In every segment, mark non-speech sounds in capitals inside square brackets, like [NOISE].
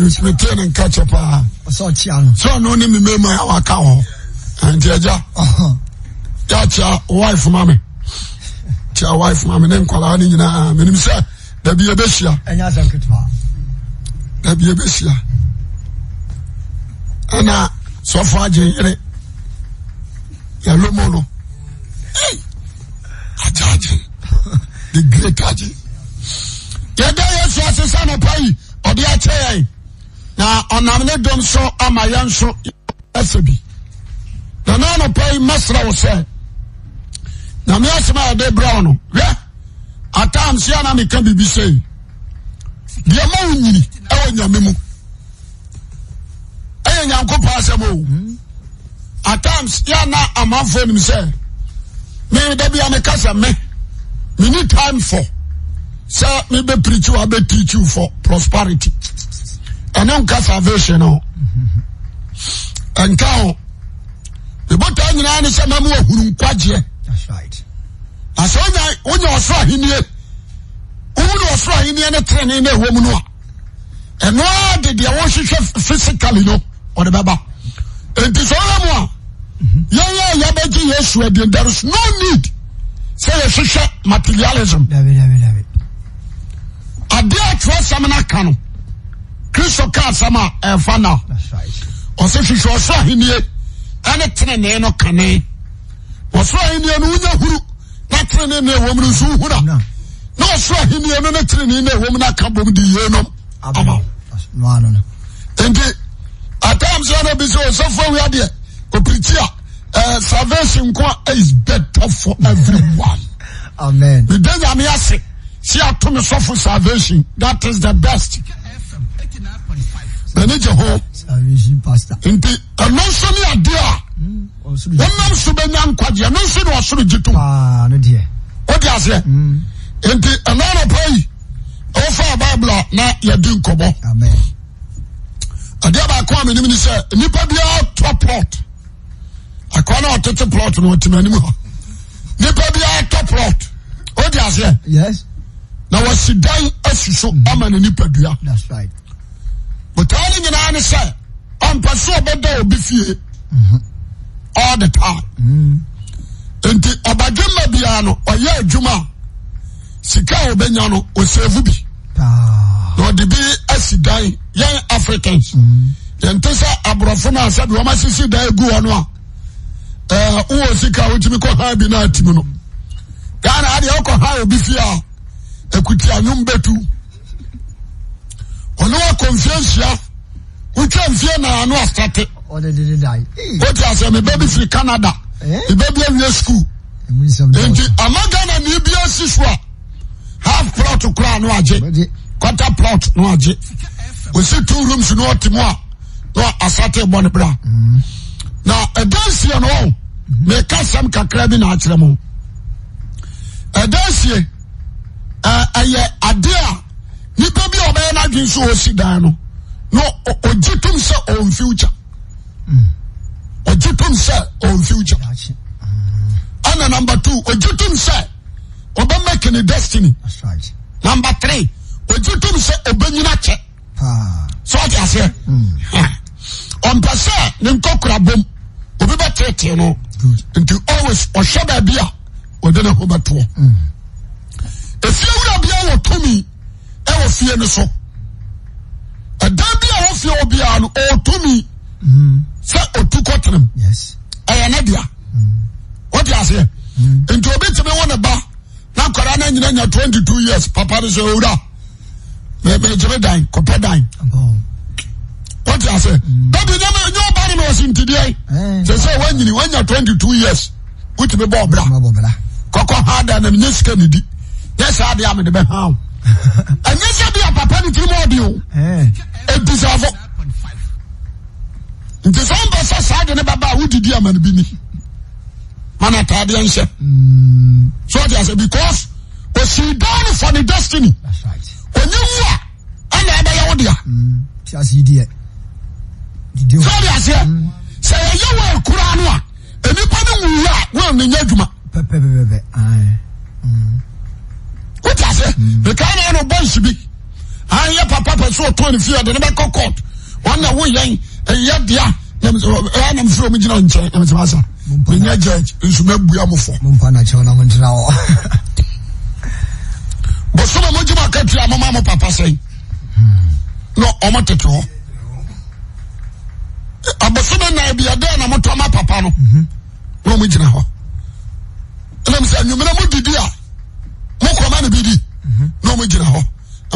mesime tie ne nka kyɛ paa sɛ ɔno ne memema a waka hɔ nti agya yɛakyia wife ma me mami, wife ma me ne nkwaraa no nyinaa menim sɛ dabi yɛbɛhyia dabi yɛbɛhyia ɛna sɔfo agye yere yɛlomo no agyaagye the great agye yɛda yɛsu asesa no pa yi ɔde akyɛ yɛn na ɔnam ne dom so ama yɛnso asɛ bi na ne nopai masrɛ wo sɛ name asema ayɛde brɛ no attimes yɛna meka birbi se bia mo o yini wɔnyame mu ɛyɛ nyankopan sɛmo attimes yɛana amanfoɔ anisɛ eda ia mka sɛme meni time fɔ sɛ mebɛpri kyiw abɛtikiwo fo prosperity ɛno nka sarvation ɛnka bebotaa nyinaa ne sɛ mama ahunu nkwagyeɛ a sɛ onya ɔsoro ahenni ɔhunu ɔsoro ahenni no terene no mu no a ɛno ar dedeɛ wɔhwehwɛ physicaly no ɔde bɛba enti sɛ a mu a yɛyɛ yɛbagye yɛ suadeɛn tharis no need sɛ yɛhwehwɛ materialismadeɛ atweɛ sɛm noaka no ɔka asɛm a ɛfa na ɔsɛ hwehwɛ ɔsoro ahennie ɛne tenenee no kane ɔsoro no wonya huru na tenenee no ɛwɔ mu no nso wohura na ɔsoro no ne tenenee no ɛwɔ mu no aka bom de yie nom ama nti atam sɛ no bi sɛ ɔpirikyi a salvation nko a is better for everyone [LAUGHS] amen meda nyame ase si ato me sɔfo salvation that is the best manager hɔ nti ɛno nso ne y a wonam so bɛnya nkwagye ɛno nso ne ɔsoro gye tom wode aseɛ hmm. nti ɛno anɔpa yi ɛwofaa bible a na yɛdi nkɔmmɔ adeɛ baako a menim ne sɛ nnipa biara tɔ plot akɔ na ɔtete plot no ɔtim anim hɔ nnipa biara tɔ plot wode aseɛ na dan asi so wotaa no nyinaa ne sɛ ɔmpɛ so ɔbɛda obi fie all the time nti ɔbadwemma biara no ɔyɛ adwuma sika a wɔbɛnya no ɔsɛɛfo bi na ɔde bi asi dan yɛn africans yɛnte sɛ aborɔfo no a sɛde wɔma sisi dan agu hɔ no a wowɔ sika a wotumi kɔ ha bi no atim no ghana adeɛ wokɔ ha obi fie a akuti anwom bɛtu ɔne wa kɔmfie nhyia wotwa mfie na ano asate wote asɛ meba bi firi canada eh? meba bi awie school nti ama ghana ne bi asi so a half plot koraa no agye quarter plot no agye wɔsi two rooms no ɔte mu a na asate bɔ ne bra mm-hmm. na ɛdanseɛ no ɔ mm-hmm. meka sɛm kakra bi na akyerɛ mu ɛdanseɛ ɛyɛ adeɛ sitsɛ ftsɛ ften nam t ɔgy tm sɛ ɔbɛmakene destiny namb te ɔgytom sɛ ɔbɛnyina kyɛ ah. sɛdaseɛ hmm. ɔmpɛ sɛ ne nkɔkrao obibɛtete no ntialwy ɔhwɛbabi a ɔnowaaf ɛdan bi a wɔfie wɔ biara no ɔtumi sɛ otu kɔtenam ɛyɛ ne dea wote aseɛ nti obi tumi wo ne ba na akwadaa no nyina nya 22 years papa no sɛ owura megyere dan kɔpɛ dan wote aseɛ dabi nyama ɛnyɛ ɔba no na ɔse ntideɛ sɛ sɛ woanyini woanya 22 years wotumi bɔ ɔbra kɔkɔ ha da na menyɛ sika ne di nyɛ saa deɛ a mede bɛha ɛnyɛ sɛ bi apapa ne tirim ɔde o ɛdi sɛ ɔfo nti sɛ wompɛ sɛ saa de ne bɛba a wodidi ama no bi ni mana ataadeɛ nhyɛ so ɔde asɛ because ɔsii down for the destiny ɔnyɛ wu mm. a ɛna ɛbɛyɛ So dea sɛ ɔde aseɛ sɛ yɛyɛ wɔ akuraa no a ɛnipa no nwuwu a woa ne nyɛ adwuma wote ase mekaa na ɛna ɔbɔ nsi bi anyɛ papa pɛ so ɔtɔ ne fie ɔde ne bɛkɔ court ɔna woyɛn ɛyɛ dea ɛnam firi ɔmu gyina nkyɛn ɛmɛsɛmasa menya judge nso mabua mo fɔ bosoma mogyima aka tua moma mo papa sɛn na ɔmo tete hɔ abosoma na abiadɛ na motɔ ma papa no na ɔmo gyina hɔ ɛnam sɛ anwumena mo didi a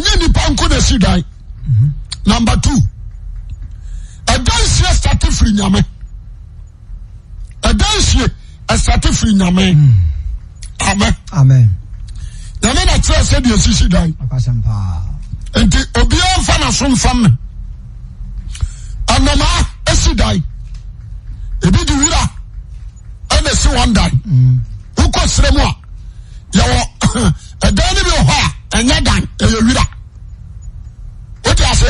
nya nipa nkone asidai numbe two adan sie astate firi nyame adan sie astate fri nyame ame yamenate sɛdeɛ asisi dai nti obiawa mfana somfam me anomaa asidai ebi di wir ne si nda mm. wok serɛm a yɛw [COUGHS] da ne bihɔa awotase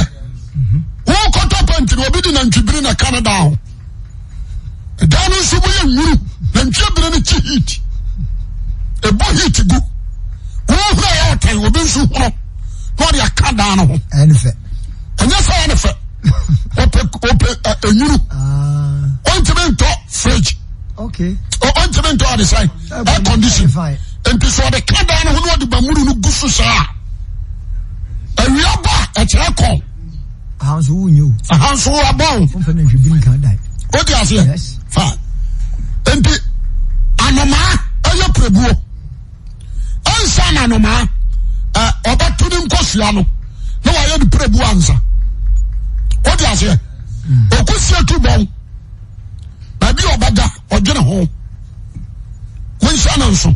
wokotopantin obi de na ntwibiri na kane da ho dano nso woyɛ wuru na ntwa biri no kyi heat ɛbo heat go wohra yɛɔten obe nso horo no ɔdeaka da n ho ɛnyɛ sɛ yɛne fɛ [LAUGHS] pɛ uru ontiminto ah. fridg okay. ɔntumi ntɔ ɔde sɛn air condition nti sɛ ɔde ka dan no ho na ɔde bamuru no gu so saa awia ba ɛkyerɛ kɔ ahanso wo nye o ahanso wo abɔ o fɔnfɛn na nhwibirin kan da yi o ti aseɛ fa nti anomaa ɛyɛ pirebuo ɛnsa na anomaa ɛ ɔbɛ tu ne nkosua no na wɔayɛ di pirebuo ansa o ti aseɛ tu etu bɔn baabi ɔbɛda ɔdwene ho wonhyɛ no nso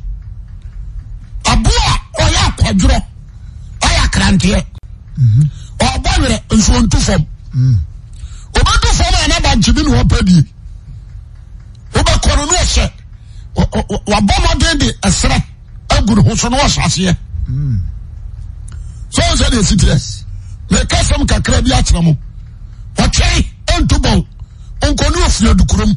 aboa ɔyɛ akwadworɔ ɔyɛ akranteɛ ɔbɔ werɛ nso ɔntu fam ɔbɛtu fam a na bankye bi ne ɔpɛ die wobɛkɔ no ne ɔhyɛ wabɔ mmɔden de ɛserɛ agu ne ho so na wɔhyɛ aseɛ sɛ wo sɛ de ɛsitirɛ meka sɛm kakra bi akyerɛ mo ɔtwɛn ɛntu bɔn ɔnkɔ ne ɔfiri adukurom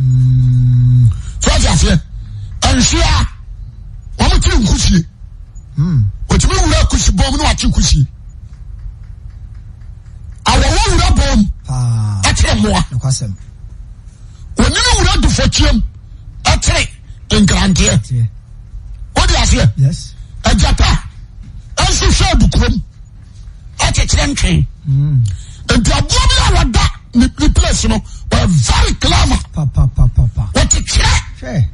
Mm. fúláàtì àfẹ́ ẹ̀nhyia wọ́n mu tiri nkusie òtún mi wúra kusi bọ́ọ̀mù ní wàá ti kusi àwòrán wúra bọ́ọ̀mù ẹ̀tẹ̀rẹ̀ mọ́a onímọ̀ wúra dùfọ̀kyẹ́m ẹ̀tẹ̀rẹ̀ nkranteɛ wọ́n ah. di àfẹ́ ẹ̀jata ẹ̀nso hwẹ́ ẹ̀dùkúrọ̀m ẹ̀kyekyerẹ́ ntwẹ́n ntí abúlé bi a wọ́n da ní pílẹ̀sì náà. avery clave wtekyerɛ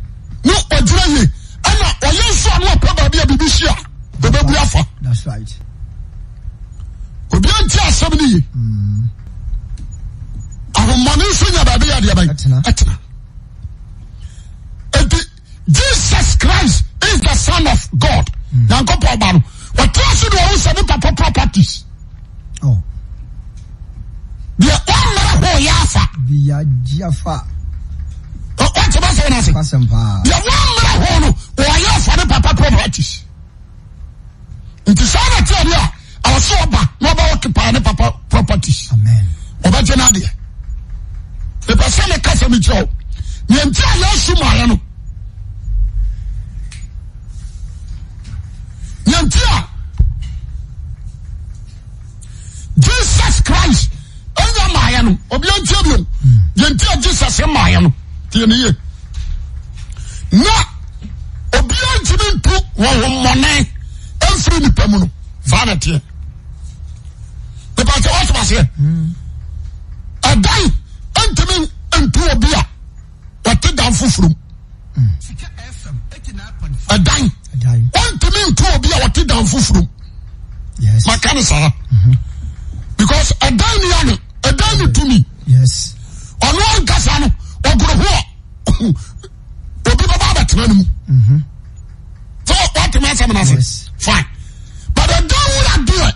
ne yira ye mm. ana ye nsuanapaba bia bibisia koba afa obi tiasamnye awomone nsoya babeyademaatena enti jesus christ is the son of god mm. nankpban tesone sene popo properties mmr ho yɛ fatsɛs ommera ho no ɔayɛ afa ne papa properties nti saa dateano a awɛsɛɔba ne ɔba wɔkepaa ne papa properties wɔbɛgena deɛ epɛ sɛme ka sɛmikyɛo yantia yɛasmaayɛ no jesus christ nanto yntia jesus mayɛno tnye na obia ntimi nt n mfrnipamun sanɛ asɛ dan ntimi teda fofrontimi n te da fofro akane saa mm-hmm. because adannane ɛdan ne tumi ɔno ankasa no ɔgoro ho a obi bɛba abɛtena no mu sɛ watemi asɛm no ase fine but ɛdan wura deɛ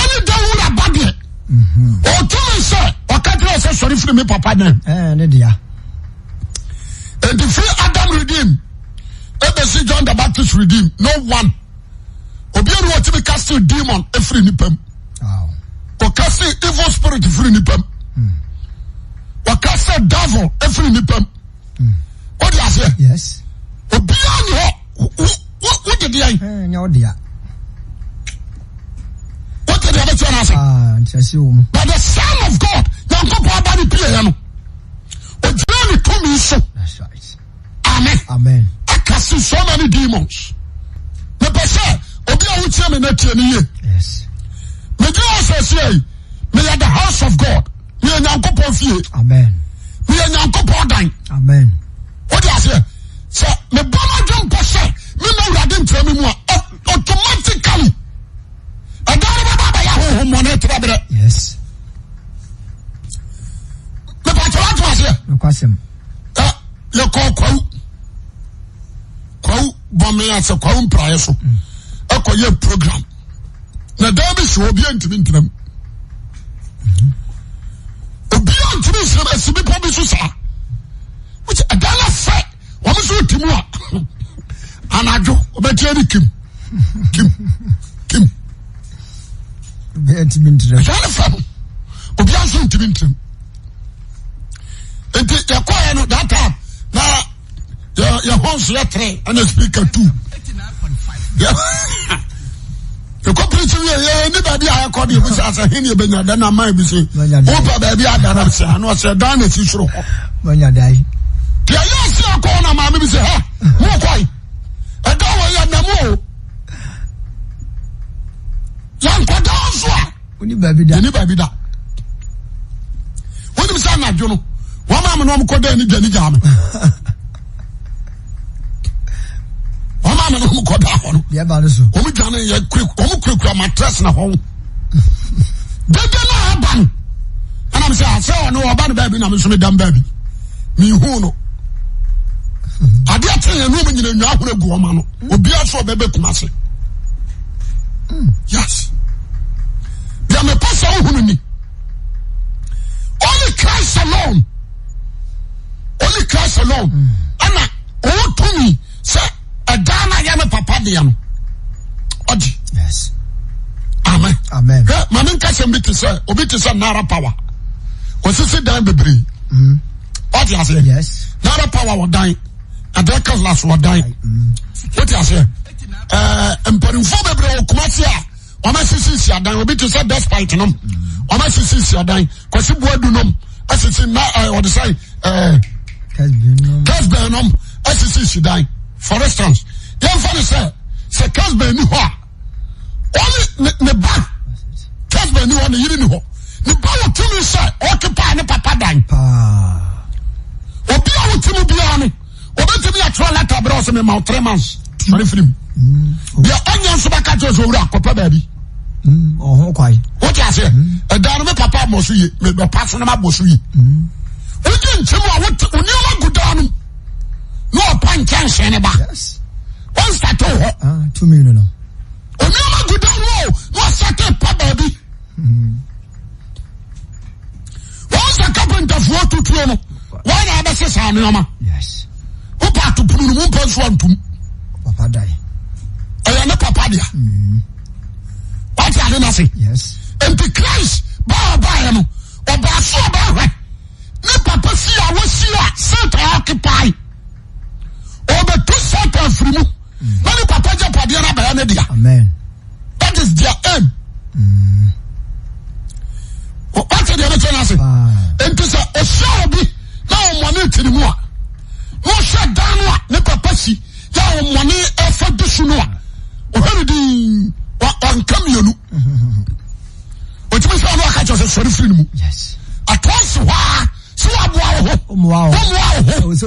ɛne dan wura ba deɛ ɔtumi sɛ ɔka kyerɛ sɛ sɔre firi me papa nam enti firi adam redeem ɛbɛsi john the baptist redeem no one obiara wɔtumi castle demon ɛfiri nipa mu kasɛ evil spirit firi nipam wakasɛ devil afiri nipam wodeseɛ oinoeodemns b the san of god yankopɔ abane pieɛ no dra ne tomiso ane akase somany demons pɛ sɛ ookymen atinye egisesie meya the house of god mey nyankupɔ fie mey yankupɔ dan ods s mebom ono se menwrdentra mmua automaticali adanababayahohomntraere mepatrats yk kwa kw ba kwa prae so mm. kye program da mese obia timitram obio ntimiser asimipomi so saa ɛdana se omeso otimua anajo ometiane kimn fe obiaso ntimi trem enti yeko yeno data na yahose yɛ tre ane speaker to ɛkɔ pirikyi wie yɛ ni baabi a yɛkɔ deɛ ebisi asɛ hin yɛ bɛnya dan na ama ebisi wopɛ baabi adara sɛ ano sɛ dan na esi soro hɔ. bɛnya da yi. deɛ yɛ ase akɔ na maame bi sɛ ha mu kɔ yi ɛda wɔ yɛ nam o yankɔ dan so a. oni baabi da oni baabi da wɔn nim sɛ anadwo no wɔn maa mi na wɔn kɔ dan ni gya ni gya mi. maa mi ni mu hɔ no. wɔn dwane yɛ kure wɔn kurekura matress na hɔn. dede naa ba no ɛna mi sɛ asɛ ɔno ɔba no baabi na mi nso mi baabi mi hu no adeɛ te yɛn nuomu nyina nnwa ahoro egu ɔma no obiara so ɔbɛbɛ kuma se. yes deɛ mepɛ sɛ ohunu ni only Christ alone only Christ alone ɛna ɔwɔ tumi sɛ. ɛdan na yɛ me papa deɛ no ɔgye yes amen amen hɛ maame nkasɛm bi te sɛ obi te sɛ nara power wɔsisi dan bebree ɔte mm-hmm. aseɛ yes nara power wɔ dan ɛdan cutlass wɔ dan ɔte mm-hmm. aseɛ ɛɛ mpanimfoɔ bebree wɔ kumasi a wɔn asisi si adan obi te sɛ despite nom mm-hmm. wɔn asisi si adan kwasi buadu nom asisi na ɛɛ wɔde sɛ ɛɛ kɛsibɛn nom asisi si dan. for instance yɛmfa no sɛ sɛ cas baani hɔ a ɔne ne ba cas baani hɔ ne yere ni hɔ ne ba wɔ tumi sɛ ɔkepaa ne papa dan obi a wotumi biara no obɛtumi yɛtwerɛ lata berɛ sɛ mema wo tre months mane firim deɛ ɔnyɛ nso bɛka kyerɛ sɛ owura akɔpɛ baabi wote aseɛ ɛda no me papa mmɔ so ye mepa so no mabɔ so ye wogye nkyɛm a wonneɛma gudaa nom nopankensenba nseteho oneoma godom sete padodi sekapente fu ttuon anebesisa oneoma wobatupururumbasuantum oyone papadia atnns nte cris baen obasobe nebapasia wasia centraocupy obɛtu sapa afiri mu mɛne kwapa gya padeɛ na baa ne dea thatis hea m tdeɛnnse enti sɛ ɔsɛobi na ɔmane tirimu a mohwɛ da no a ne kapa si yɛ womɔne ɛfa dusu no a d nkamin ɔkimi sɛɔne wka ksɛ sɔre firi no mu atosehɔ s woaha ho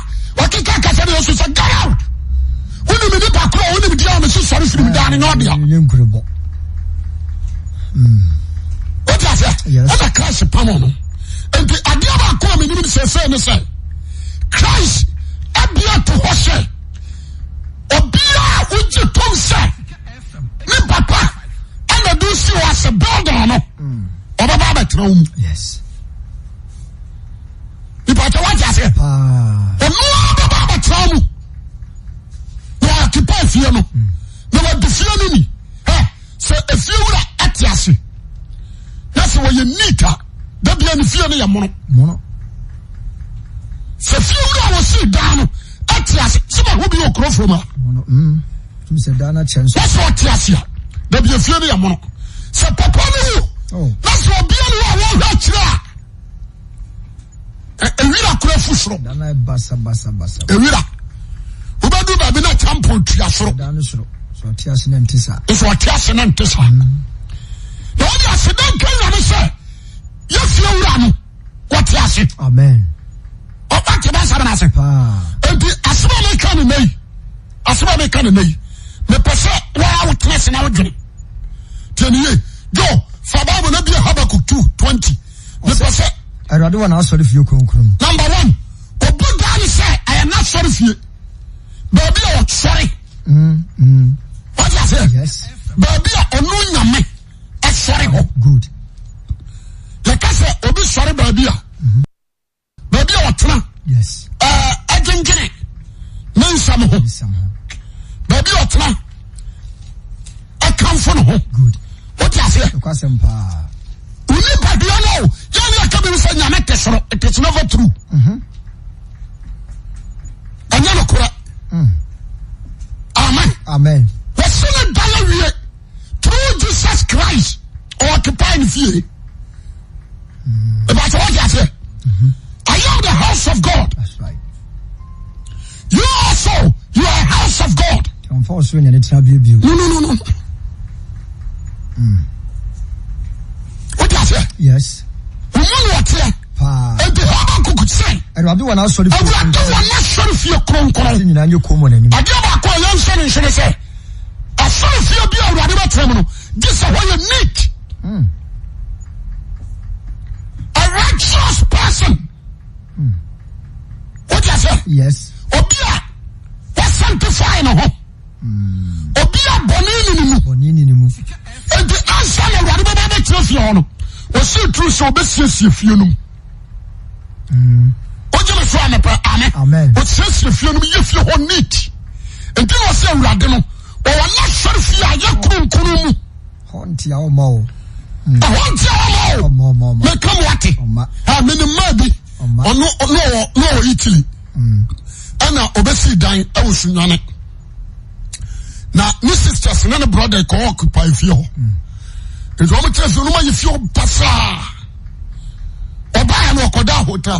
kkaseɛsosɛ garad wonemenepakorwonimdiamesosare snimdane n ɔdeawotasɛwona christ pamu no enti adeɛ bakɔɔ menim sɛsɛi no sɛ christ abiɛ to hɔ hyɛ obia woye tom sɛ ne mpapa ɛnader siɔ asɛ bulda no hmm. ɔbɛba bɛtra wo mu wtase ɔn ababkaw mu kepa hmm. fie no nawde fie noni sɛ fiewro tease na sɛ wɔyɛnia dabianfie no yɛ mon sɛfiwrwɔse da n tase sɛmɛho b korɔfmasɔteasea da fien yɛmo sɛpɔpan nasɔanhakyiraa wera kra fu soror wobdu babi ne tampo tua sorotse ne nts nse dankeamse yefie wr tsetssn ssbmkaneni mepose wa wotemesenawoer tn fabamonbi habako tote0s numba one obobaa ne sɛ ɛyɛna sɔre fie baabi a ɔsɔre mm, mm. wode aseɛ baabi a ɔno nyame sɔre hɔ yɛka sɛ obi sɔre baabi a mm-hmm. baabi a ɔtena agenkere me nsame ho baabi a ɔtena ɛkamfo no hoodeaseɛ nyame te soro it is never true ɛnyɛ mm-hmm. mm. amen amen wɔse ne wie through jesus christ ɔɔkepae ne fie ɛbɛsɛ wɔde aseɛ i am the house of god That's right. you also you are house of god ɔmfa wo soro nyane tena biobio no no no no mm. wode aseɛ yes awurade wɔn asɔre fie awurade wɔn asɔre fie kronkron ɔde nyinaa nye kɔn mu n'anim adeɛ baako a yɛn nhyɛ ne nhyɛ ne sɛ asɔre fie bi a awurade bɛ tẹn mu no di sɛ wɔyɛ neat a righteous person o jɛ sɛ yes obi a wa sanctify ne ho hmm. obi a bɔnni ni ne mu bɔnni ni ne mu nti ansa na awurade bɛ bɛ bɛ tẹn fie hɔ no wɔsi turu sɛ ɔbɛ siesie fie no mu. Hmm. sɛsa finyɛfie hɔ ne ntinɔsɛ wrde no ɔwɔna hwɛr fie ayɛ kronkn munta maomkamamenma binawɔ itili ɛna ɔbɛsi dan wɔsuwane na ne sister sne ne brote kcup fe hɔ hmm. nesɛn yfie hɔ basa a nadah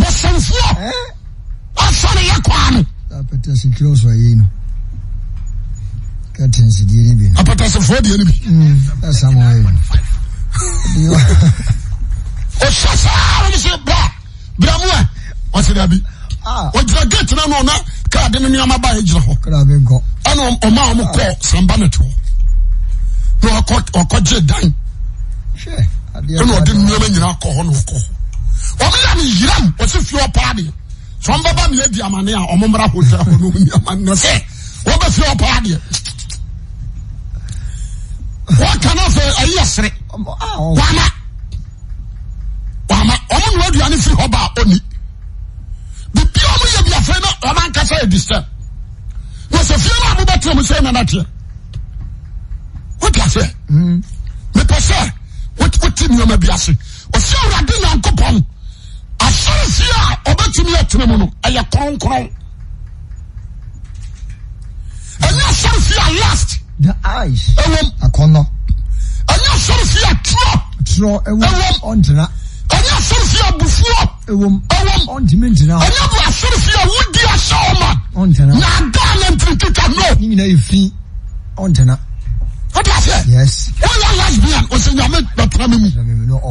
sfu asanyekoane fodns a ram dyira getinann kden nma bairah nmamk sabane koje dannden nma yinakhn wɔn yà ni yiram wɔsi fi wɔ paadi sɔn bɛ ba mi yɛ di amane a wɔn mara hotel hɔ n'omu ni amane na sɛ wɔn bɛ fi wɔ paadi wɔn kan na fɛ ɛyi yɛ sere wɔama wɔama wɔn nua aduane firi hɔ ba oni bibi bi afɛ na wɔn ankasa yɛ disturb wɔsɛ fie na wɔn bɛ tẹn mu sɛ nana tiɛ wɔn mm. ti afɛ mipɛ sɛ wɔti nneɛma bi ase wɔsi awurade nyankopɔn. rsersodiasema naane a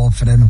f n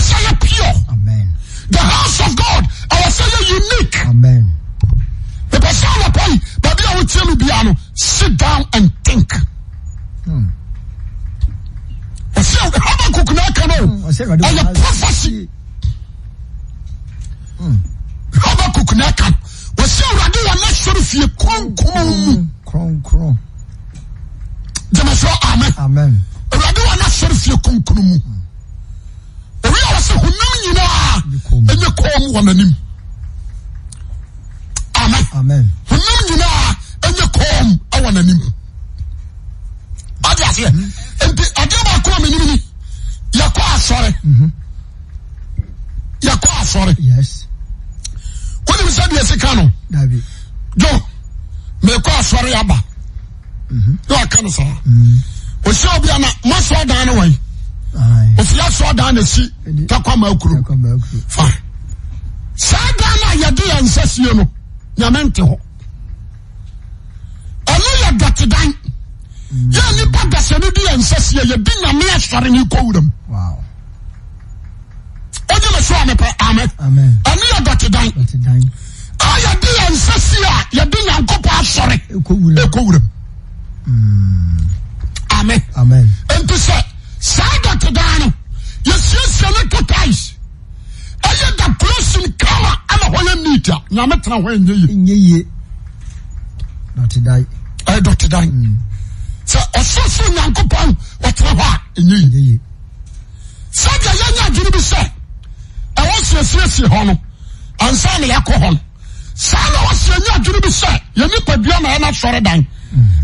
ɛyɛthe house ofgod awsɛyɛ uniq epɛsɛ bahtmu bno sitdown and tinkyenr fie ron ɛwi a wɔsɛ honam nyinaa ɛnyɛ kɔn wɔ n'anim amen honam nyinaa ɛnyɛ kɔn ɛwɔ n'anim ɔdi aseɛ mhm. nti adeɛ baako a m'anim ni yɛkɔ asɔre mhm. yɛkɔ asɔre wɔnim sɛ deɛ sika no jo mekɔ asɔre aba mhm. yɛ ɔka no saa ɔsɛ obi ana mɔsɔ dan no wɔyi. ofia su danna si kekwamakuro fa saa dane yɛdeyansasie no yamentho ɛno yɛdatedan mm. ye nipa gasenoduyansasi yabi namena sɔre no ikowram oyemeso mep ae noyɛgtedan a yɛde yansasi a yabi nankopɔ asɔre kowram saa dɔtodan no yɛsiesiam topai ɛyɛ dakrusin ka ha ana hɔ yɛ nita yamteahyɛa mm. sɛ ɔsuoso nyankopɔ ɔtera hɔ a ɛyɛ yy sɛdwa yɛnya adwero bi sɛ ɛwɔsiasisie hɔnannɛ saa na wɔs nya adwero bi sɛ ynipaduama ɛno sɔre dan mm.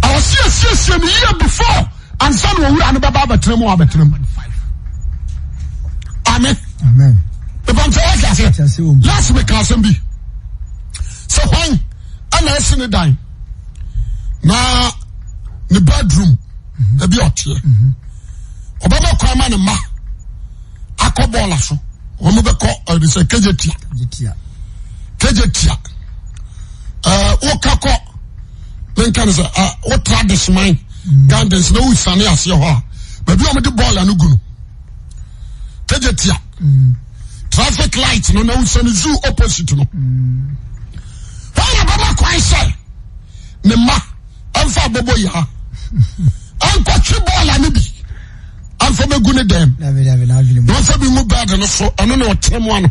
ɔsea siesiɛm yia befoe nsan wurane bababateramwbatram ame yesmekasɛm bi sɛ hai ana asine dan na ne badroom ebi mhm. ɔteɛ obamako mhm. ma ne ma ako bola so ombɛk sɛ t keje tia wokak menkane sɛ wotra desmai gardens na ousane aseɛ hɔ a badi omede bɔɔlar no gu no kɛge tia traffic light no nawusane zoe opposite no ɛyɛbɛma koan sɛ ne ma ɛmfa bɔbɔ ya ankɔtwe bɔɔlar no bi ɛmfa bɛgu no dɛmnfa bimu bed noso ɔno neɔtemann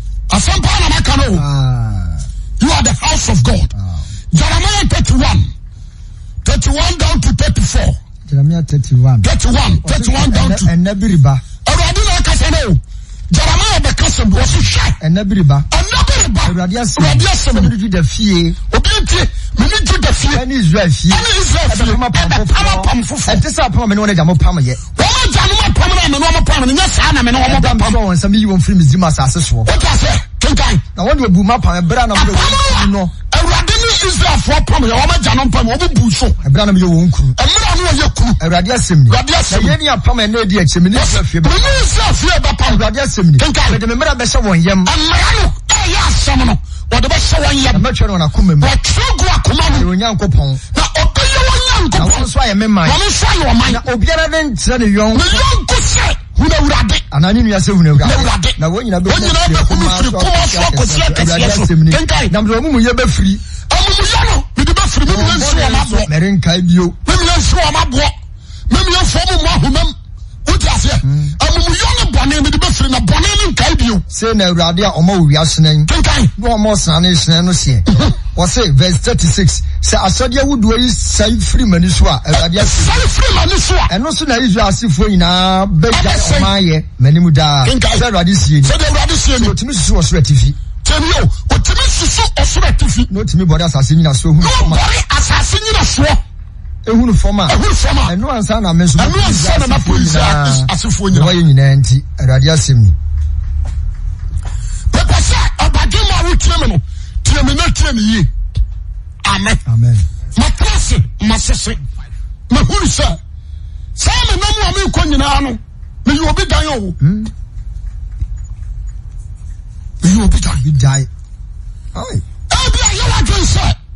asɛmpa na maka no ah. you are the house of god ah. jeremiah 31 31 down to 34 jeremiah 31 31 31 down to ɛnɛ bi riba awurade na akasa no jeremiah kasa bi wɔsi hwɛ. ɛnɛ biri ba. ɛnɛ biri ba. awurade asem. awurade asem. sani juda fie. obi nti mini juda fie. ɛni israel fie. ɛni israel fie. ɛbɛ pama pam fufu. ɛti sɛ apam mi ni wɔn agya mo pam yɛ. wɔn agya mo pam na mi ni wɔn pam na mi nyɛ saa na mi ni wɔn pam. ɛdam sɔ wɔn nsa mi yi wɔn firi mi zi ma saase soɔ. o ta sɛ guy. Na wọ́n de ebu ma pan ebere anam de wọ́n kuru nọ. Ewurade ni Israel fọ pam yẹ, wọ́n gya no pam, wọ́n bu so. Ebere anam yẹ wọ́n kuru. Ebere anam yẹ kuru. Ewurade asem ni. Ewurade asem. Na yẹn ni apam ẹ̀ náà di mi ní Israel fie bẹ. Mi Israel fie bẹ pam. Ewurade asem ni. Kankan. Bẹ̀dẹ̀ mi mìíràn bẹ sẹ wọ́n yẹm. Ẹ̀mẹ̀rẹ̀ no ẹ̀ yẹ asam no, bẹ sẹ wọn akoma mu. Wọ́n Na ọbẹ̀ yẹ Na wọ́n nso Na obiara de wúna anani nuya se wúna wúrade. wúrade na wọn nyinaa bɛ wọn nyinaa bɛ kunu firi kuma fún akɔsi akasiya so kankan. na muso mumu yɛ bɛ firi. amumu yɛ no midi bɛ firi mímu yɛ nsu wɔn aboɔ. mɛri nkae bio. mímu yɛ nsu wɔn aboɔ mímu yɛ fɔ mu mu ahomam ti aseɛ mm. amumuyɔ ne bɔnne mi de bɛ firi na bɔnne ne nkae bi o. se na awurade a ɔmɔ wɔ wia yi. kankan. na ɔmɔ sinɛ ne sinɛ no seɛ. Mhm. wɔse verse thirty six sɛ asɔdeɛ wuduo yi sɛn firi mɛ ni so a awurade asi. sɛn firi mɛ ni so a. ɛno so na israel asifoɔ nyinaa bɛ gya ɔman yɛ mɛ ni mu daa. kankan sɛ awurade sie ni. sɛ awurade sie ni. otumi susu wɔ soro atifi. tẹ̀lé o otumi susu ɔsoro atifi. n'otumi bɔre asase ehunu fɔm a ehunu fɔm a ɛnu ansa na mɛ nso ɛnu ansa na mɛ polisi asefo nyinaa wɔyɛ nyinaa nti awurade asɛm ni. pɛpɛ sɛ ɔbadwe mu a wotia mi no tia mi na tia mi yie amen matrasi masese mahunu sɛ saa mi nam a mi nkɔ nyinaa no mi yi obi dan o mi hmm? yi obi dan. ebi a wa dwen sɛ.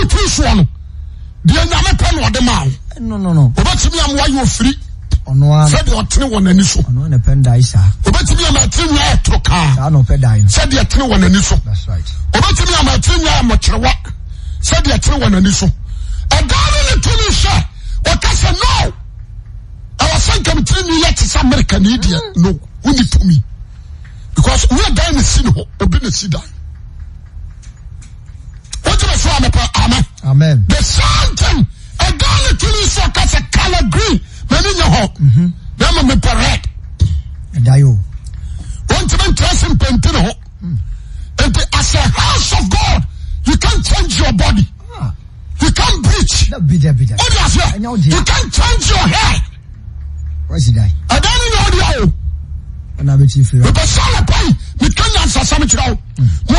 wotu soɔ no deɛ nyame pɛ na ɔde maa wo obɛtumi I wayɛ ofiri sɛdeɛ ɔtene wɔ n'ani so obɛtumi ama atiri nwia yɛ toro kaa sɛdeɛ ɛtene wɔ n'ani so obɛtumi ama atiri nwia yɛ mɔkyerewa sɛdeɛ ɛtene wɔ n'ani so ɛdan no ne tumi hyɛ ɔka sɛ no ɛwɔ sɛ nkam tiri nwi yɛ te sɛ amerika ne No. deɛ no woni tumi because we dan dying si ne hɔ obi ne si dan fún amepẹ amen. the same thing ẹgbẹ́ ni tìlí sọ a color green mẹ́ni your họ bẹ́ẹ̀ mọ̀ mi pẹ̀ red. ẹ̀dá yóò. wọ́n ti mi n tẹ́ sí mpẹ́ntì ni họ. as a house of God you can not change your body. Ah. You can't preach. No, be there, be there. Oh, yes, yeah. You can't change your hair. Where's he die? I don't know the audio. Because all the pay, we can't answer something to you. Hmm.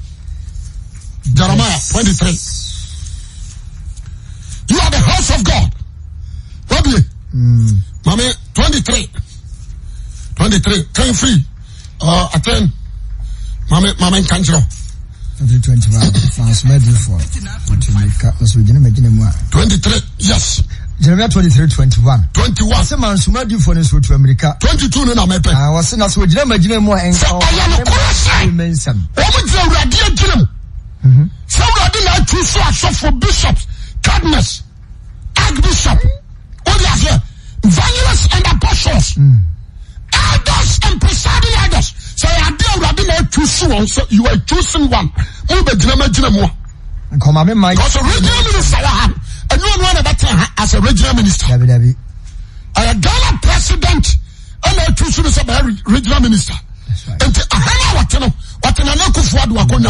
Jeremiah 23. You are the house of God. What be? Mm. Mommy, 23. 23. Can free? Uh, attend. Mommy, mommy, can't you? 23 yes Jeremiah 23 21 21 sɛ mansoma adifoɔ no nsotu amerika 22 no na mɛpɛ wɔse na sɛ wɔgyina magyina mu a ɛnka ɔmensɛm wɔmogyina awurade agyinam rdenaoionaani eident l e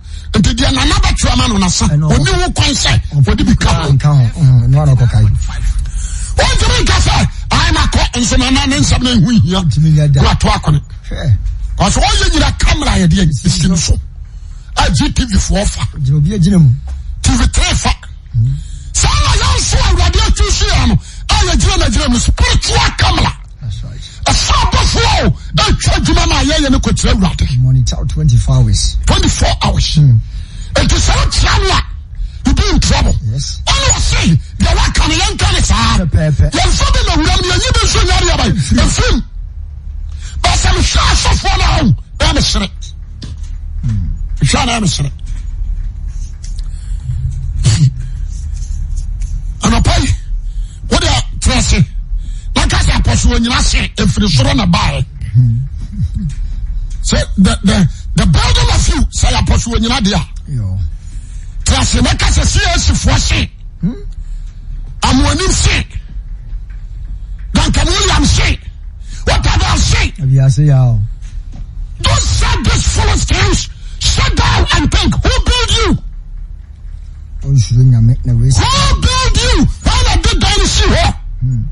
nt dɛnanabatama nnasanho kosɛdekah ere nka sɛ nannsɛn ɔyɛ yina kamlayɛdenso tv fofa tvtrefa saa nanansoawade wsa n ay ira nigriamuopreta kamla ɛsɛ abɔfoɔ o ɛtwa adwuma ma ayɛyɛ ne kɔtira awurade monitor 24 hours 24 hours hmm. nti sɛ wotia no a you be in trouble ɔne ɔsei deɛ waka no yɛnka ne saa yɛmfa bi na wuram yɛnyi bi nso nyare aba ɛfim bɛsɛ mehwɛ asɔfoɔ no aho na mesere hmm. mehwɛ na mesere anɔpa yi wode trɛ se because wɔnyina se je soro na baɛ sɛ the building of you sɛ yɛpɔ so Je deɛ a ne mɛka sɛ csfoɔ se hmm? amoanim se dankamoyam se watadal se don't set this foolish things shut down and think who build you who build you why si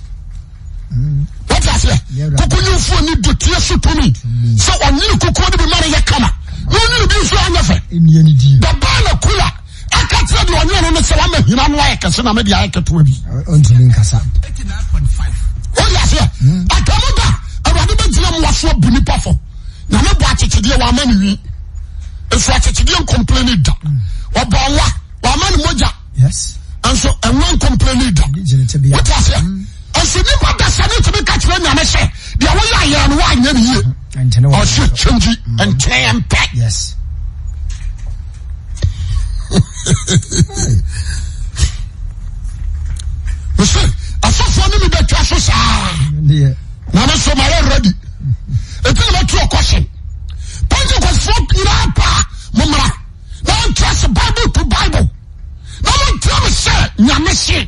wọ́n ti àṣẹ kókó yín fún ẹni dòtíyẹ sí tómi sọ ọ̀nìyàn kókó níbi mẹ́rin yẹ kama wọ́n ní ibi nsọ anyafẹ́ bàbá àlẹ kúlà ẹ̀ka tẹ́lẹ̀ di ọ̀nìyàn ní sẹ wàá mẹ hìnnà ní wáyẹ kẹsẹ́ náà mẹ́bi ayẹ kẹtọ́ ẹ̀bi. wọ́n ti àṣẹ àtàmúdà ẹ̀rọ̀dẹ́ bẹ́ẹ̀ jìnnà mu wá fún ọ̀bù nípa fọ nàmé bọ̀ àtẹ̀tẹ̀díẹ̀ wàá mẹ́ni wí èso àtẹ̀tẹ̀díẹ̀ nkọ̀mplẹ́nì da ọ̀bọ̀ mm. ọ̀wà wàá mẹ́ni ɔsi nipa dasa ne tumi ka kyerɛ nyame sɛ deɛ wɔyɛ ayɛ no wɔanyɛ ne yie ɔsi kyɛngyi nkyɛn mpɛ. mese afoforɔ ne mi bɛ twa so saa na me so ma yɛ ready eti na ma tu ɔkɔ sen pentecostefoɔ nyinaa paa mo mara na wɔn tura sɛ bible to bible na wɔn tura mo sɛ nyame se.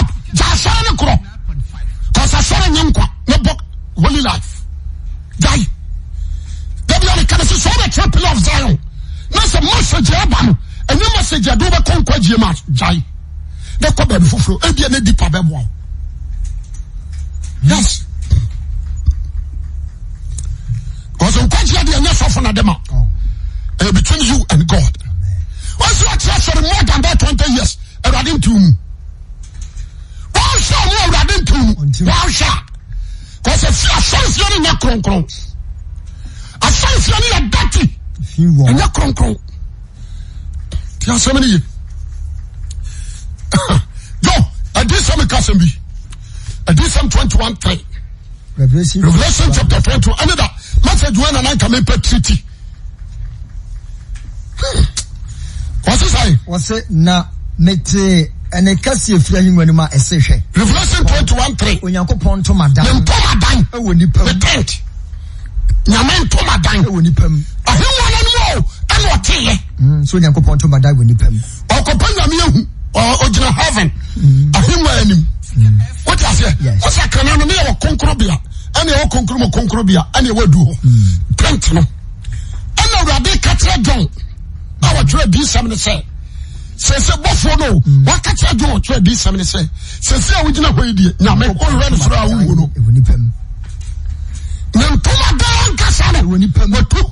aeo eh, between ou and god se o an tent years ti [COUGHS] yo adi bi 21 3 revelation, chapter 22 da message wɔ nana nka mepɛ triti wɔse sae wɔse na metee ɛne Ma firi ahengua no mu a ɛse hwɛ revelation 21 3 onyankopɔn ntomadan ntomadan ɛwɔ nipa mu nyame ntomadan ɛwɔ nipa teɛsɛ yakopɔn tomada wɔnipam ɔkɔpa yameɛhugyina have ea ni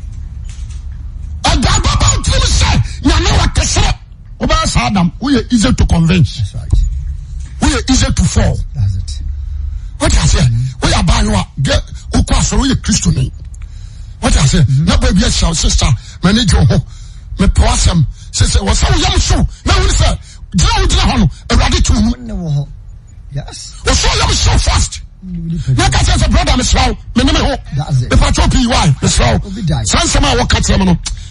Adam, we are easy to convince. That's right. We are easy to fall. That's it. What I say, mm-hmm. we are by your get Ukwaso, we are Christian. What I say, mm mm-hmm. no baby, yes, sister, manage oh, your home. Me poasem, sister, what's how young so? Now we say, Jina Ujina Hono, a ready to. Yes. What's how young so fast? na ka sɛ sɛ brɔda my wo mene me That's it. If I wa you wo saa nsɛm a wɔka kyerɛ m no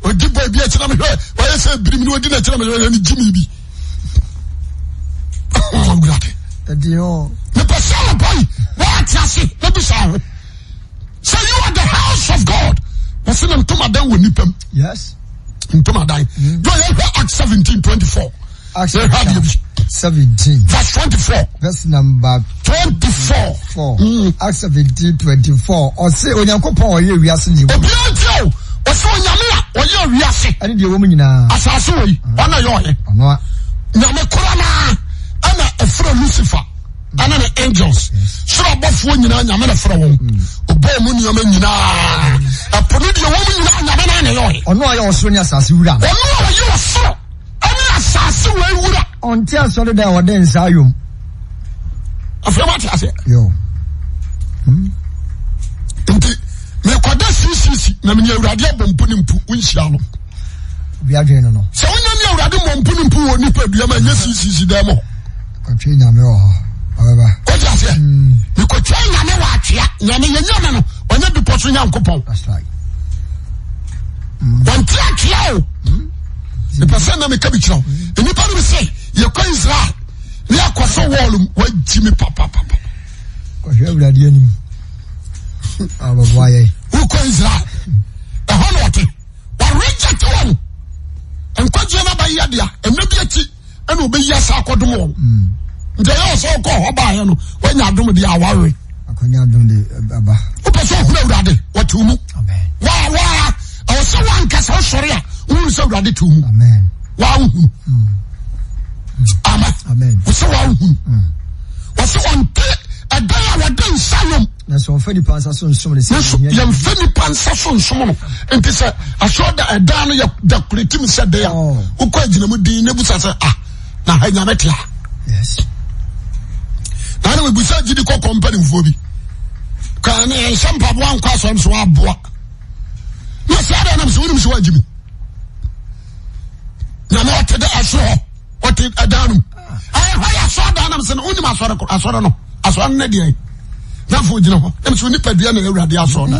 en td2 se oyankopɔn oye wisen yana n fr lcifer n angels soro f yinayamfnysa wrr ntsdde de nsa y ɛkɔda sisisi na ni awurade abɔ mpo ne mpu no sɛ wonya ne awurade mmɔ ni mpu wɔ nipa aduama ɛnyɛ sisisi dɛ mɔ wotwe aseɛ mekɔtwa nyame wɔ hmm. atwea nyame yɛnya ma no so nyankopɔn wɔnte atwea o hmm. mepɛ On na meka kabi kyerɛ wo hmm. nnipa no m sɛ yɛkɔ israel ne yɛkɔ so y a papapapa awurade anim wsɛhant waregatewo nkwagya no bayadea ɛmɛbiati na ɔbɛy sɛ kdomw nt ɔyɛsɛwh anyaadodwoɛsɛhuwrd ww wɔsɛ wankasɛ wohɛrea ohun sɛ wrade t daa wade samfa nip nsa so so no saaiɛdin oh. ɛas asɔre ne deɛ n'afɔ gyina hɔ ɛmu sɛ dua na ewurade asɔre na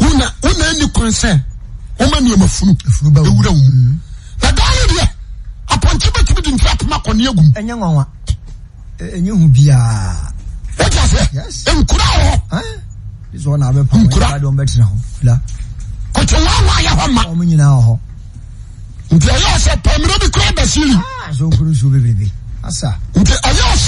wuna wuna eni kwan sɛ wɔma nneɛma funu ewura wɔn mm-hmm. na daa yɛ deɛ apɔnkye bɛ tibi di nti apoma akɔni egum. ɛnyɛ nwanwa ɛnyɛ hu biara. o ti ase nkura wɔ. sɔ na abɛ pɔn nkura dɔn bɛ tena hɔ fila. kòtò wọn wọ ayé hɔ ma. wɔn nyinaa wɔ hɔ. nti ɛyɛ ɔsɛ pɔmire bi kura bɛ siri. Ah, so nkuru su bebrebe asa. nti ɛyɛ ɔsɛ.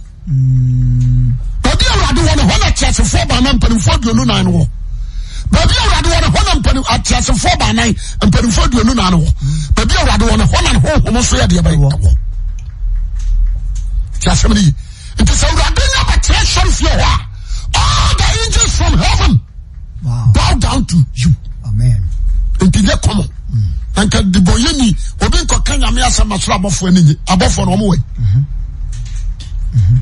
baabi awurade wɔ no hɔ na teasefoɔ baanan mpanimfoɔ aduonu nan wɔ baabi awurade wɔ no hɔ na mpanim ateasefoɔ baanan mpanimfoɔ aduonu nan wɔ baabi awurade wɔ no hɔ na ne honhom nso yɛ deɛ bɛyɛ wɔ te asɛm nti sɛ awurade nya bɛkyerɛ hyɛn hɔ a all the angels from heaven bow down to you amen nti nyɛ kɔmɔ nka dibɔyɛni obi nkɔka nyame asɛm asoro abɔfoɔ no nye abɔfoɔ no ɔmo wɔ yi mhm. Mhm.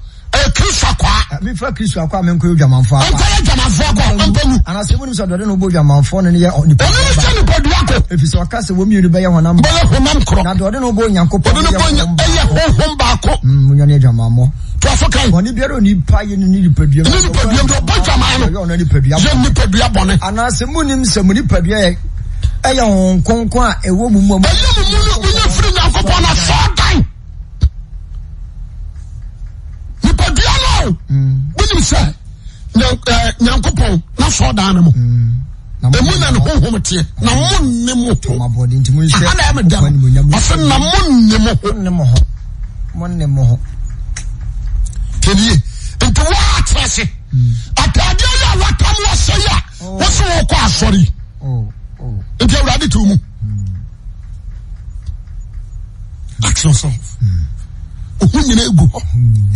kristu ah, akwa. mi fura kristu akwa mi nkɔ ye jamanfo akwa. nkɔ ye jamanfo akwa nkɔlu. anase wo ni sɔ dɔden n'obo jamanfo ni yɛ nipa duya kɔ. olu ni sɛ nipa duya kɔ. efisɛ ɔka se wo miiru bɛ yɛ hɔnam. bɛyɛ hɔnam ni ko ɛyɛ hɔnhɔn baako. mun yɛn ni jamanmɔ. tuwafo kan. wɔn ni biara oni pa ye ni ni nipa ni nipa duya mi o bɔ jaman no. yɛ nipa duya bɔnɛ. yɛ ni sɛ mu nipa duya yɛ ɛyɛ hɔn kɔnkɔn a ɛwɔ mu mu. ɛyɛ mu mu ni mu ni firi nyankopɔn na sɔɔ no wonim sɛ nyankopɔn na sɔ daa no mu ɛmu mm. na ne honhom teɛ mm. na monne mo hoana ɛme da ɔsɛ na monne mo ho tɛdie nti woatrɛ se mm. ataadeɛ yɛ a watam wɔsɛ yi a wo se wɔkɔ asɔre oh, oh. nti awurade to mu ask yourself asitdwn hmm.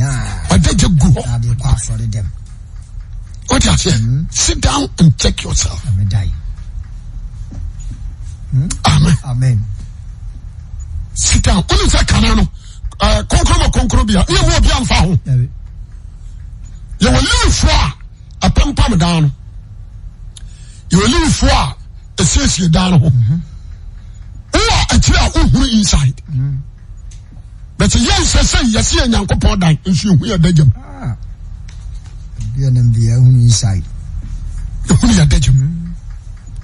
hmm? a ce ys sidonosɛ kan n onk nk b nɛh biamfaho ywɔ lefoɔ a pɛmpam da n ylevfoɔ a asesieda n h oa akyiria wohuu inside mm-hmm. uyesese yeseye yankopon dan nshuda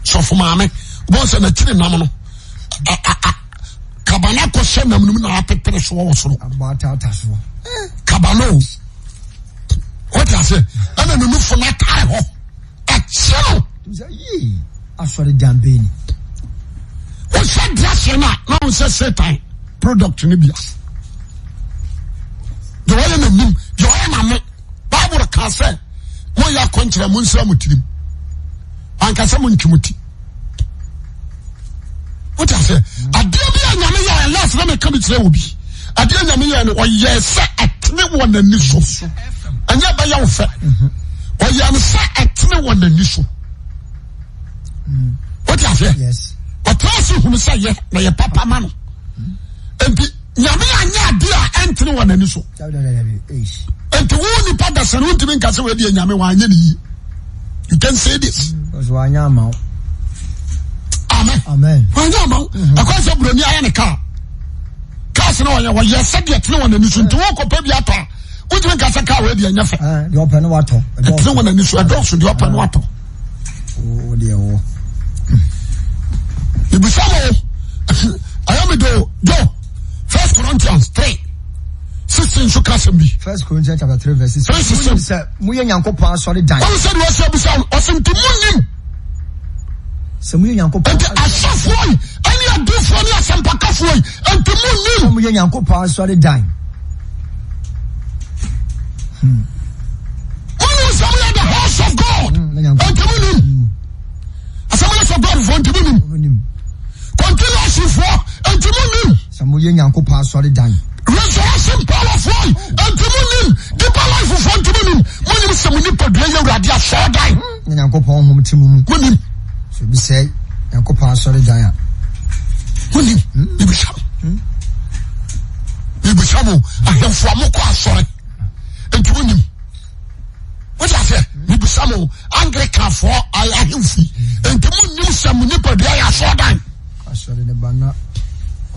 sfiri nmabans nn nppr ssrfd ssatn p anim deɛ ɔyɛ nano bible ka sɛ moyɛ akɔnkyerɛ mo nsra mo tirim anka sɛ montwi mo ti wote sɛ adeɛ bi a nyame yɛ alas na meka bi kyerɛ wɔ bi adeɛ nyame yɛ no ɔyɛ sɛ ɛtene wɔ n'ani so ɛnyɛ bɛyɛ wo fɛ ɔyɛ no sɛ ɛtene wɔ n'ani so wote aseɛ ɔtena se hunu sɛ yɛ na yɛ papa ma no enti nyame anyɛ adeɛ a ɛntene mm, mm-hmm. wɔ n'ani so nti wo nipa you can say this wanyɛ ama akɔsɛ buroni ayɛ kaa na wɔyɛ wɔyɛ wɔ n'ani so nti bi wɔ n'ani so ɛdɔɔso jo ah. [LAUGHS] first corinthians three sisi nso ka bi. first corinthians chapter three verse six. first sisi sɛ mu yɛ nyankopɔn asɔre dan. wɔn sɛ de wɔsi abisa ɔsi nti mu nim. sɛ mu yɛ nyankopɔn. nti asɔfoɔ yi ɛni adiifoɔ ni asɛmpakafoɔ yi nti mu nim. mu yɛ nyankopɔn asɔre dan. Hmm. house of God. Ntumi nim. Assemblies of God fo ntumi nim. Continuation fo ntumi nim. Sɛ mo yɛ nyanko pa asɔre dan. resurrection power fún ẹtù mu nim nípa láìfò fún ẹtù mu nim mo nim sẹ mo nípa dùn ẹyẹ wúlò adé asọ dan. ní nyankopɔn ohun ti mu mu. mo nim. sobi sɛ nyankopɔn asɔre dan a. mo nim ibi sá hmm? ibi sá mo ahemfo a mo kọ asɔre ẹtù mu nim o ti a fɛ ibi sá mo anglican fɔ ahemfi ẹtù mu nim sɛ mo nípa dùn ẹyẹ asɔ dan. asɔre ne ba na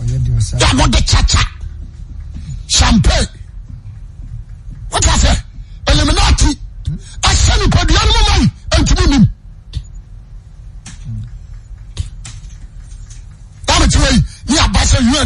ɔyɛ di o sá. dàmú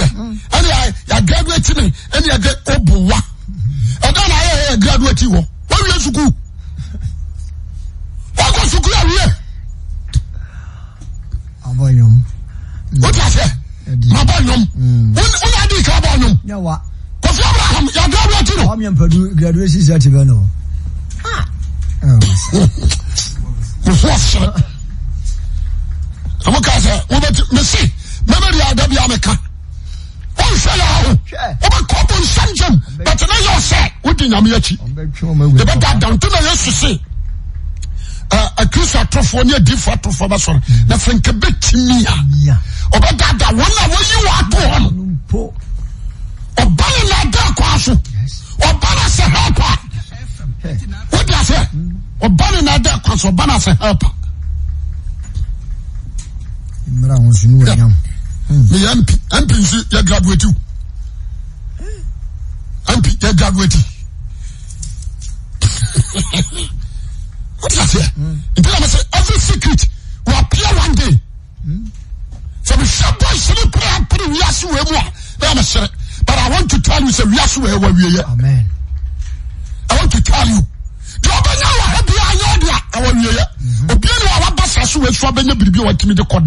adu etim obwa auetio e suku g suku ae otboyo ndika ass a es meeaka sbɛkb sɛs but ne yɛ sɛ wodi nyam yaki ebɛdada nto na yɛsuse akuse atrfoɔ ne adifo atfoɔbɛsɔre nafenka bɛtimia bɛdada nwoyi wan ɔbane na ada koa so ɔbane asɛ hapa oiasɛ ɔbane na adaa koa soɔbaneasɛ hapa eyeimpinsu yegradatyraaey biriwtimi ekod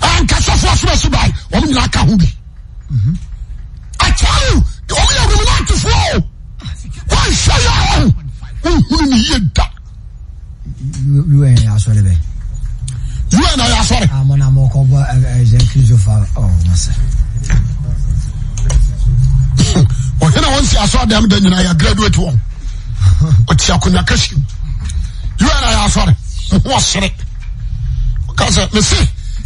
ankasafo so ba wɔn nyinaa ka ho bi atwari wɔn yɛ wɔn nyinaa Je fo wɔn nhyɛ yɛ hɔ wɔn ni vous. da. un yɛ asɔre bɛ. un yɛ asɔre. amɔ na mɔ kɔ bɔ fa Je wɔn si graduate wɔn ɔti akonnwa kasi un yɛ asɔre kasa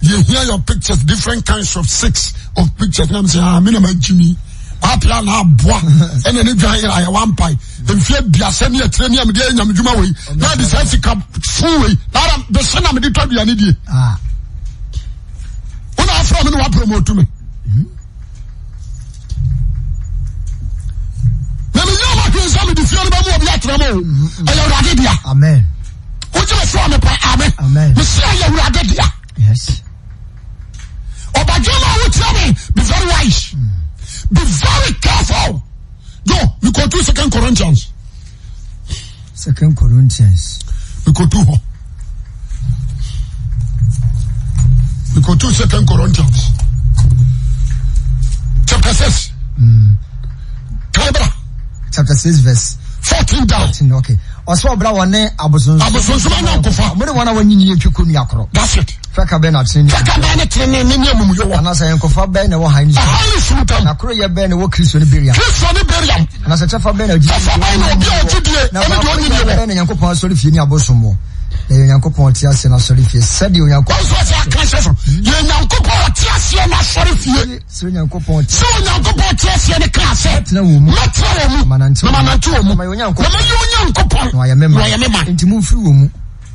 you hear your pictures, different kinds of six of pictures. And I'm saying, ah, me na Jimmy. [LAUGHS] apia oh, na aboa ɛna ne dwan yɛrɛ ayɛ wan pae mfie biasa ne yɛtire ne amede ɛnyam dwuma wei na de saa sika fuu wei nara bɛsɛ na mede tɔ duane die ah. wona afrɛ me hmm? ne wapromotu hmm, hmm, me na menyɛ mahwe sɛ mede fie no bɛmu obi atera Amen. ɛyɛ awurade dea Amen. soa mepa ame mesɛ ɛyɛ awurade dea ọbàjọ́mọ̀ ọ̀hún tí a bẹ̀ be very wise be very careful yo we go to second corinthians. second corinthians. we go to hɔ we go to second corinthians chapter six. Mm. kaibra. chapter six verse. fourteen down. fourteen okay. Oso ọ̀bẹ̀rẹ̀ wọn ní abosonsoma. abosonsoma náà kò fa. mo ní wọn náà wọ́n yìnyín etí kò ní akọrọ. that's it. fɛka bɛɛ na tirinni fɛka bɛɛ na tirinni ni ni emumu yowɔ anasɛ nkɔfa bɛɛ na ɛwɔ ha ni sunu ha ni sunu tam nakoro yɛ bɛɛ na ɛwɔ kristu ni biriam kristu ni biriam anasɛ kyɛfa bɛɛ na ojidie kyɛfa bɛɛ na obi a ojidie ɛni di onyini wɔ bɛɛ na nyankopɔn asɔre fie ni abosomɔ na yɛ nyankopɔn ɔte aseɛ n'asɔre fie sɛdeɛ onyankopɔn ɔsɔ ɔsɛ akanhyɛ so yɛ nyankopɔn ɔte aseɛ n'asɔre fie sɛ onyankopɔn ɔte sɛ onyankopɔn ɔte aseɛ ne kaa sɛ mɛtena wɔ mu mɛtena wɔ mu mamanante wɔ mu na mayɛ onyankopɔn na wayɛ me ma nti mumfiri wɔ mu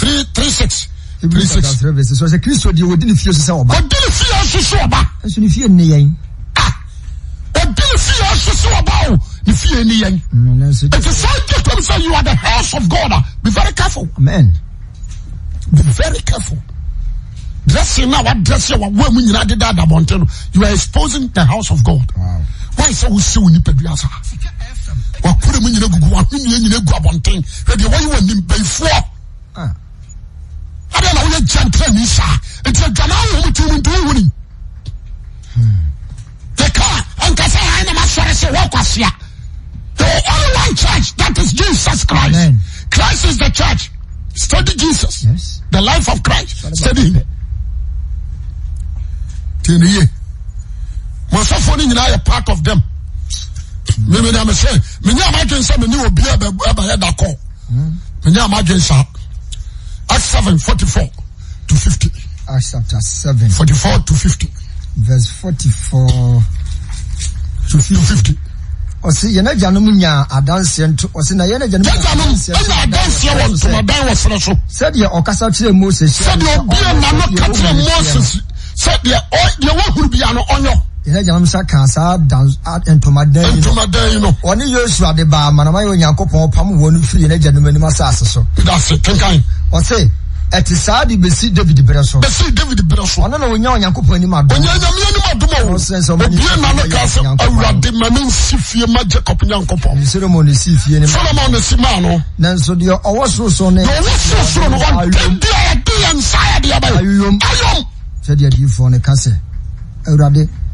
three three six. three six. so sɛ kristo deɛ wɔdi ne fie so sɛ ɔba. ɔdi ne fie soso ɔba. ɛso ne fie ne yɛn. ɔdi ne fie soso ɔba o ne fie ne yɛn. ɛti sɛ ɛdi ɛtɔ mi sɛ you are the house of God be very careful. amen. be very careful. dressing now what dress wa wo mu nyinaa deda adabɔnten no you are exposing the house of God. Wow. why sɛ wosi wo nipa dua saa wakore mu nyina gugu wahonua nyina gu abɔnten hwɛ deɛ wɔyi wɔ nimbayifoɔ adé na wòye jẹntẹ ní nti adwana mu wúni the only one church that is Jesus Christ Amen. Christ is the church study Jesus yes. the life of Christ study him tìǹbù yìí mo sọfọ ni nyinaa yẹ part of them. mímí ni a mi sè mí ní àmàdùn sè mí ní òbí ẹ bẹ ẹ bẹ yẹ dàkọ mí ní Acts 7 44 to 50. Acts chapter 7. 44 to 50. Verse 44 to 50. ɔsi yɛn agya nom nya adanseɛ nto ɔsi na yɛn agya nom nya adanseɛ wɔ ntomadan wɔ soro so. sɛdeɛ ɔkasa kyerɛ moses. sɛdeɛ obi a nanu ka kyerɛ moses sɛdeɛ ɔ deɛ wahuru bi ano ɔnyɔ yɛsɛ gyama msa ka saa ntomadan yi ntomadan yi no ɔne yesu ade baa manama yɛ onyankopɔn pam wɔ no firi n'agya nom anim asase so dase kenkan ɔse ɛte saa de bɛsi david berɛ so bɛsi david berɛ so ɔno na ɔnya onyankopɔn anim adom ɔnya nyame anim adom o obie na no kaa sɛ awurade ma me nsi fie ma jacob nyankopɔn solomon ne si fie ne solomon ne si maa no nanso deɛ ɔwɔ sorosoro ne ɔwɔ sorosoro no ɔntɛn deɛ ɔde yɛ nsa yɛ deɛ bɛyɛ ayom sɛdeɛ adiyifoɔ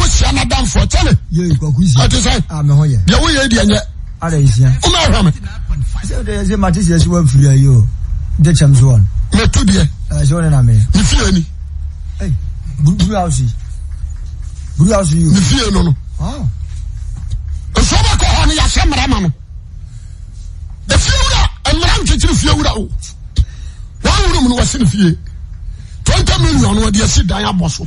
wosia no damfoɔ kyɛne ɔte sɛ deɛ woyɛ deɛ nyɛ woma hwɛ me meto deɛ mefie ni mefie no no nso ah. bɛkɔ hɔ no yɛahyɛ mmara ma no ɛfie wura mmara nkyekyere fie wura o waworom no wɔse no fie 20 million wɔde asi dan abɔ so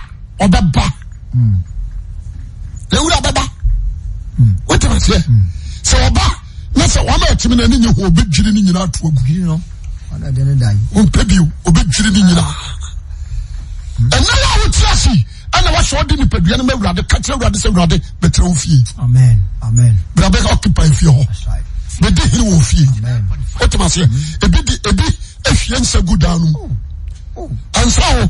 oaba mm. wura baba mm. wotemseɛ mm. sɛ a esɛmatimin neyehobɛdiri no yinaɛir no yina ɛnwwotiase nwh odenpaanp oh. fieh fsa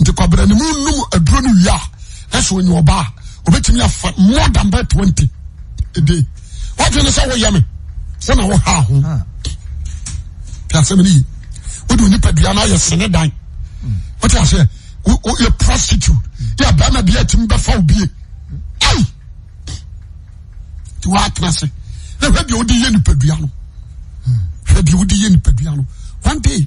nti kwabere ne mu num aduro no wia ɛsɛ onye ɔba a obetumi afa more than by twenty a day wadwe ne sɛ woyɛ me wọn na wọ ha ho piasem ni yi o de onipa dua na yɛ sene dan o ti ase o o yɛ prostitute yɛ bɛrima bi ɛti mu bɛfa obie ayi ti wa atena se na hwɛ bi o de yɛ nipa dua no hmm. hwɛ bi o de yɛ nipa dua no one day.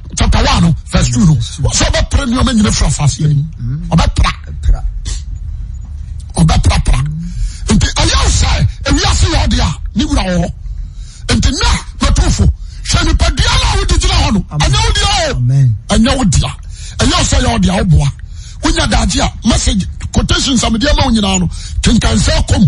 ɛɛa syodea e nn mat fo hnipadaowodiginand n woa asamdmay ansɛ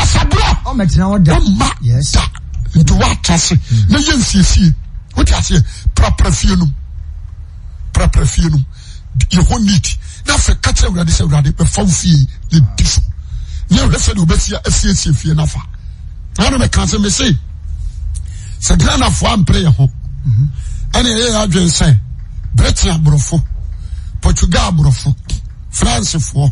bɛtena hɔ da ɔmma yes. da nti woatra se na yɛ nsiesie wote aseɛ prapra fie nom prapra fie nom yɛhɔ neat na afei ka kyerɛ awurade sɛ awurade mɛfa wo fie yɛdi so nyɛ hwɛ sɛdeɛ wobɛsia asiesie fie no afa na no Se sɛ mese sɛ ghanafoɔ ampere yɛ ho ɛne ɛyɛ adwen sɛ britain aborɔfo portugal aborɔfo francefoɔ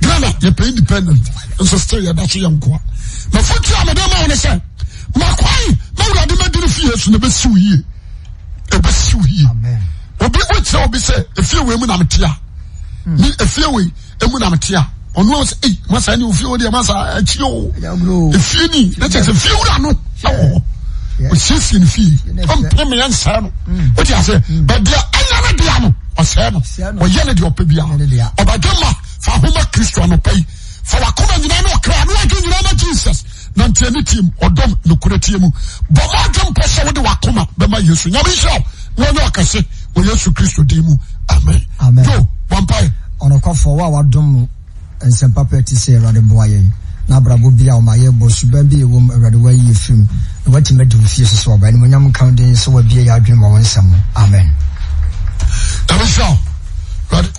grana yɛpɛ independent so sɛ yɛda hmm. o yɛnkoa mafotu a m dema won sɛ maka mawrade maeno fie da fa ahoma kristu anɔpa yi fa wakoma nyinaa ne ɔkra ano adwe nyinaa ma jesus nanteɛ ne tim ɔdɔm nokorɛtie mu bɔ ɔdwe mpɔ sɛ wode wakoma bɛma yesu nyame nhyira wo ɔnyɛ ɔkɛse wɔ yesu kristo din mu amen jo wampae ɔnokɔfoɔ wo wadom nsɛmpa pɛ te sɛ awurade boa yɛn na abrabɔ bi a ɔma yɛbɔ suban bi ɛwɔ mu awurade wayi yɛ firim na watumi adi wo fie so sɛ ɔba animonyam nka den sɛ wabie yɛ adwene ma wo nsɛm amen Amen.